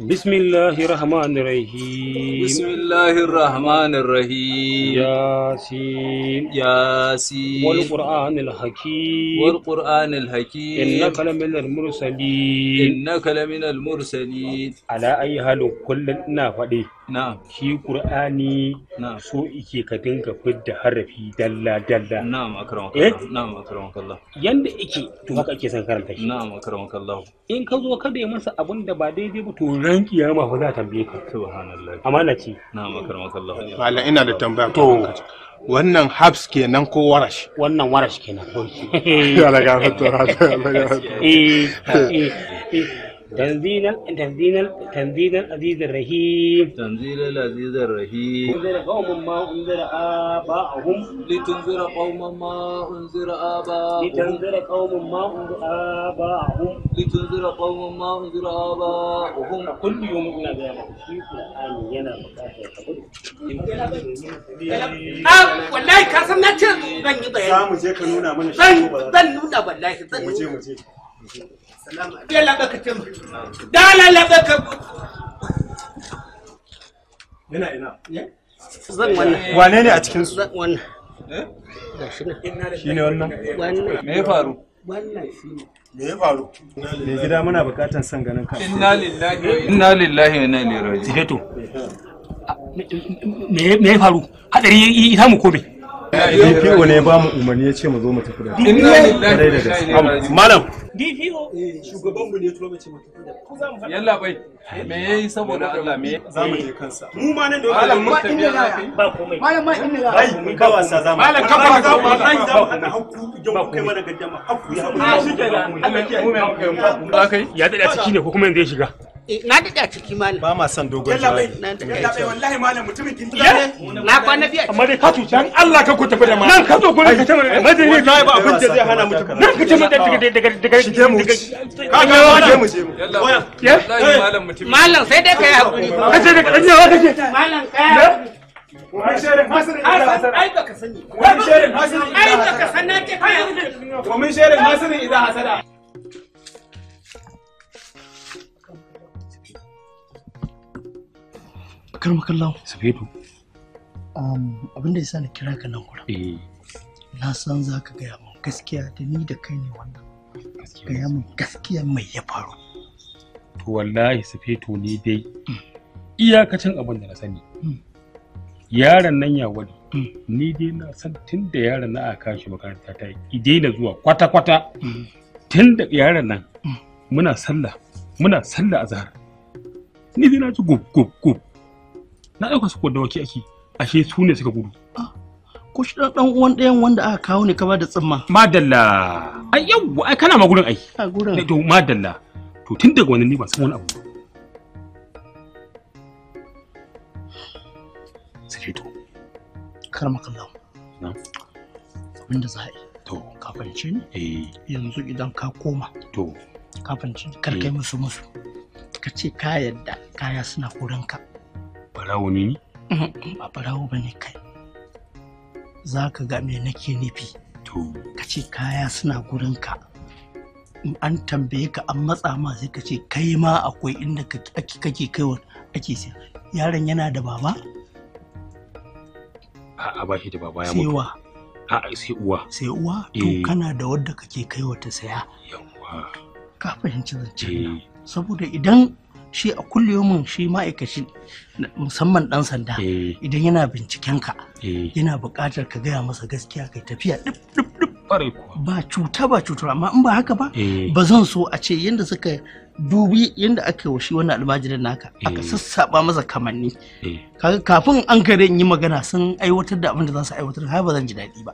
بسم الله الرحمن الرحيم بسم الله الرحمن الرحيم ياسين ياسين والقرآن الحكيم والقرآن الحكيم إنك لمن المرسلين إنك لمن المرسلين على أي حال كلنا فدي shi qur'ani so ike ka dinga fidda harafi dalla dalla na'am akramaka eh na'am akramaka Allah yanda ike to haka ake son karanta shi na'am akramaka Allah in ka zo kada ya masa abin da ba daidai ba to ran kiyama fa za ta tambaye ka subhanallah amana ce na'am akramaka Allah mallan ina da tambaya to wannan habs kenan ko warash wannan warash kenan eh eh, eh. تنزيل تنزيل تنزيل العزيز الرحيم تنزيل العزيز الرحيم انذر قوما ما انذر اباهم لتنذر قوما ما انذر اباهم لتنذر قوما ما انذر اباهم لتنذر قوما ما انذر اباهم كل يوم من ذلك في القرآن ينا wallahi ka san na ce zan yi bayani za mu je ka nuna mana shi zan nuna wane ne a cikin su shi ne wannan me ya faru me ya faru me gida muna bukatan son ganin inna lillahi inna lillahi inna me ya faru hadari ya samu me DPO ne ba mu umarni ya ce mu zo mu tafi da DPO malam DPO shugaban mu ne tulo mu mu tafi da yalla bai me yayi saboda Allah me za mu je kansa mu ma nan da malam ma inda za ba komai malam ma inda za ai ka wasa za mu malam ka ba ka ba za mu hada hakku yau kai mana gaddama hakku ya mu shi kenan Allah ya mu kai ya dade a ciki ne ko kuma yanzu ya shiga na daɗe a ciki malam ba ma son dogon jawabi yallaɓe wallahi malam mutumin gindi ne na kwana biya amma dai ka cuce Allah ka ku tafi da malam nan ka zo gurin ka ce mai rajin ne ba abin da zai hana mutum nan ka daga daga daga mu ka ga wa je mu je mu wallahi malam mutumin malam sai dai kai hakuri ka ce daga danyawa kake malam kai ومن شر حسد إذا حسد ومن شر إذا حسد kar makallahu sabidu um, Abinda ya sa na kira ka nan kura eh. na san za ka gaya min gaskiya da ni da kai ne wannan gaya min gaskiya mai ya faru to wallahi sabidu ne dai mm. iyakacin abin da na sani mm. yaron nan ya wani mm. ni dai na san tun da yaron na a kashi makaranta ta yi daina zuwa kwata-kwata tun da yaron nan muna sallah muna sallah a zahar ni dai na ci gub gub gub na ɗauka su da waki ake ashe su ne suka gudu ah, ko shi dan uwan ɗayan wanda aka kawo ne ba da tsimma madalla ai Yau, ai kana magurin ai eh, to madalla to tun daga wannan ne ba san wani abu sai to kar kallon na abinda za yi to ka fahimce ni eh yanzu idan ka koma to ka fahimce kar kai eh. musu musu ka ce ka yadda kaya suna kuranka barawo ne ba barawo ba ne kai za ka ga me nake nufi to ka ce kaya suna gurinka in an tambaye ka an matsa ma sai ka ce kai ma akwai inda kake kake kaiwa ake sai yaron yana da baba a a bashi da baba ya mutu a sai uwa sai uwa to eh. kana da wadda kake kaiwa ta saya yawa ka fahimci zancen nan eh. saboda idan shi a kulliyomin shi ma'aikaci musamman dan sanda eh. idan yana binciken ka eh. yana bukatar ka gaya masa gaskiya kai tafiya dip dip ba cuta ba cutar amma in ba haka ba eh. ba zan so a ce yadda suka dubi yadda aka yi shi wannan almajirin naka aka eh. sassaba masa kamanni eh. kafin an kare yi magana sun aiwatar da abin da za su aiwatar har ba zan ji daɗi ba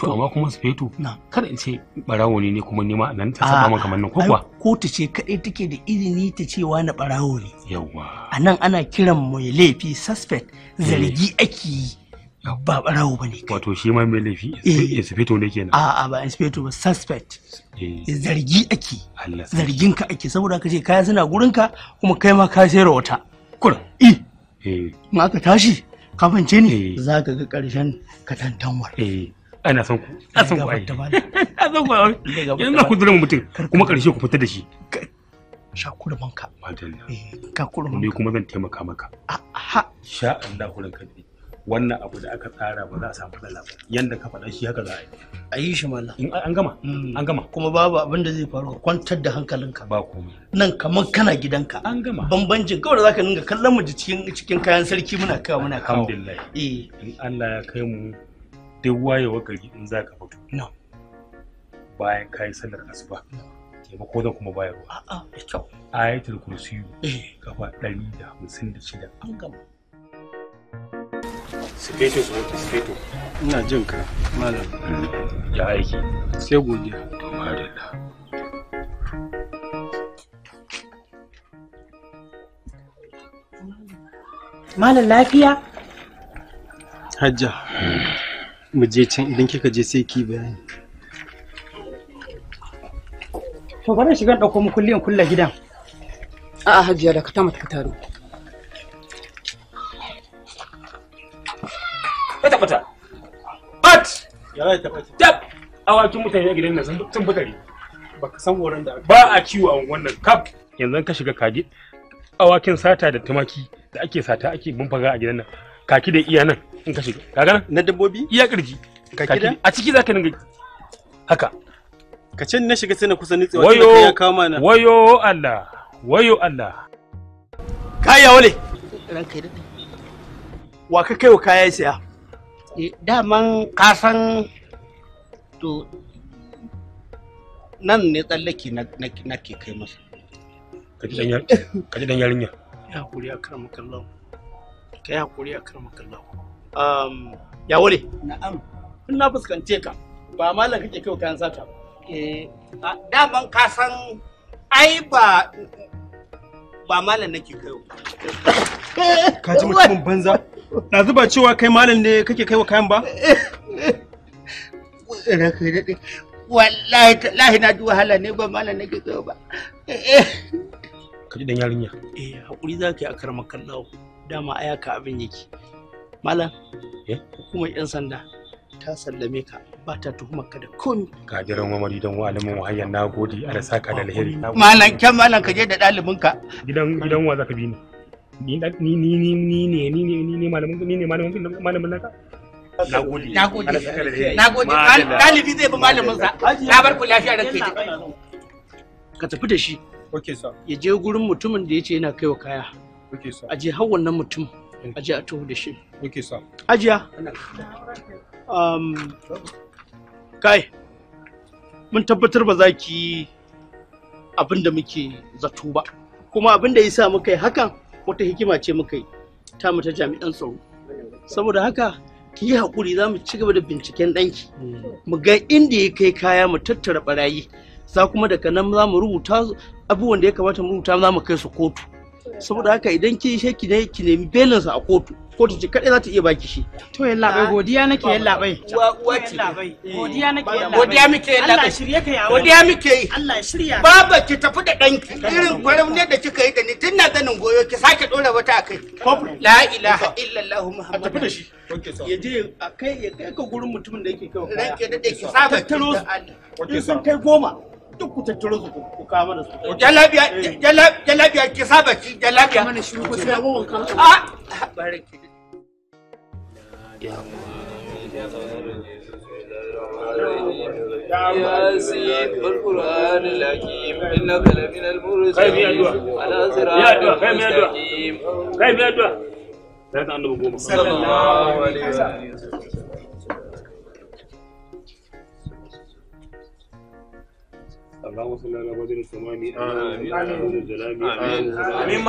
to amma kuma su fetu kada in ce barawo ne kuma nema nan ta saba maka kamannin ko kuwa ko ta ce kadai take da izini ta cewa wani barawo ne yawa anan ana kiran mai laifi suspect zargi ake yi ba barawo bane kai wato shi ma mai laifi eh. inspector ne kenan a'a ba inspector ba suspect eh. Eh, zargi ake zargin ka ake saboda ka ce kaya suna gurin ka kuma kai ma ka sayar wata kur i in aka tashi ka fance ne za ka ga karshen katantanwar ana son ku a son ku ai a son ku yanzu na ku zira mutum kuma karshe ku fita da shi sha kurman ka madalla ka kurman ni kuma zan taimaka maka a'a sha Allah kullun ka wannan abu da aka tsara ba za a samu matsala ba yanda ka faɗa shi haka za a yi a yi shi mala an gama mm. an gama kuma babu abin da zai faru kwantar da hankalinka ba komai nan kamar kana gidanka an gama bambancin kawai da zaka dinga kallon mu cikin cikin kayan sarki muna kawo muna kawo alhamdulillah eh in Allah ya kai mu duk wayewa gari in za ka fito bayan kai sallar asuba taimako zan kuma bayarwa a'a ya kyau ayatul kursiyu eh. kafa 156 an gama sufeto sufeto ina jin ka malam ya aiki sai godiya malam lafiya hajja mu je can idan kika je sai ki bayani to bari shiga dauko mu kulliyan kulla gidan a'a hajjiya da ka ta mata ka taro ya taɓa but ya ya taɓa ta tab awakin mutane a gidan nan sun tun bukari baka san horon da ba a kiwo a wannan kaf yanzu ka shiga kage awakin sata da tumaki da ake sata ake bumfaga a gidan nan kaki da iya nan in ka shiga kaga nan na dabbobi iya kirji kaki da a ciki zaka dinga haka ka ce na shiga sai na kusa nitsewa wayo kama na wayo Allah wayo Allah kaya wale ranka dade wa ka kaiwa kaya saya Eh, daman kasan to nan ne tsallake na ke kai masa kaji dan yarinya ya hakuri a kan makallau ka yi hakuri a kan makallau ya wale na'am in na fuskance ka ba malam kake kai kayan sata ba eh, daman kasan ai ba ba malam nake kaiwa ka ji mutumin banza na zuba cewa kai malam ne kake kaiwa kayan ba wallahi na ji wahala ne ba malam nake kaiwa ba ka ji dan yarinya eh hakuri za ka yi a karma kallawo dama ayaka abin yake malam eh? hukumar yan sanda ta sallame ka ba ta tuhumar ka da komi kadirin mamari don wa'alimin wahayyan na gode ala saka da alheri malam kyan malam ka je da ɗalibin ka gidan gidan wa zaka bi ni ni ni ni ni ne ni ne ni ne malamin ni ne malamin malamin naka Nagode. Nagode. Nagode. Ɗalibi zai bi malaminsa. Na bar ku lafiya da ke. Ka tafi da shi. Ya je gurin mutumin da ya ce yana kaiwa kaya. A je har wannan mutum. ajiya a tuhu da shi. Ajiya. kai mun tabbatar ba za ki yi abin da muke zato ba kuma abin da ya sa muka yi hakan wata hikima ce muka yi ta mu ta jami'an tsaro saboda haka ki yi hakuri za mu ci gaba da binciken ɗanki mu ga inda ya kai kaya mu tattara barayi za kuma daga nan za mu rubuta abubuwan da ya kamata mu rubuta za mu kai su kotu saboda haka idan ki yi ki ne ki nemi belinsa a kotu ko ta ce kaɗai za ta iya baki shi. To ya labai godiya nake ya labai. Uwa uwa ce. Eh, godiya nake ya labai. Godiya muke ya labai. Allah shirye ka yawo. Godiya muke yi. Allah shirya. Baba ki tafi da ɗanki irin gwaram ne da kika yi da ni tun na ganin goyo ki sake ɗora wata akai. La ilaha illallah Muhammad. A tafi da shi. Ya je a kai ya kai ka gurin mutumin da yake kawai. Ranke da ki saba ki da Allah. In sun kai goma. duk ku tattaro su ku kawo mana su. Jalabiya, jalabiya ki saba ki jalabiya. Mana shi ku sai wankan. Ah, barki. يا سيد القرآن الحكيم إنك لمن المرسلين على صراط مستقيم كيف يدعو؟ صلى الله عليه وسلم اللهم صل على بدر الثماني امين امين الجلال امين امين امين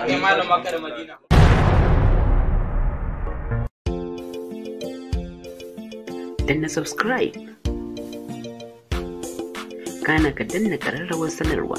امين امين امين danna subscribe kana ka danna ƙararrawar sanarwa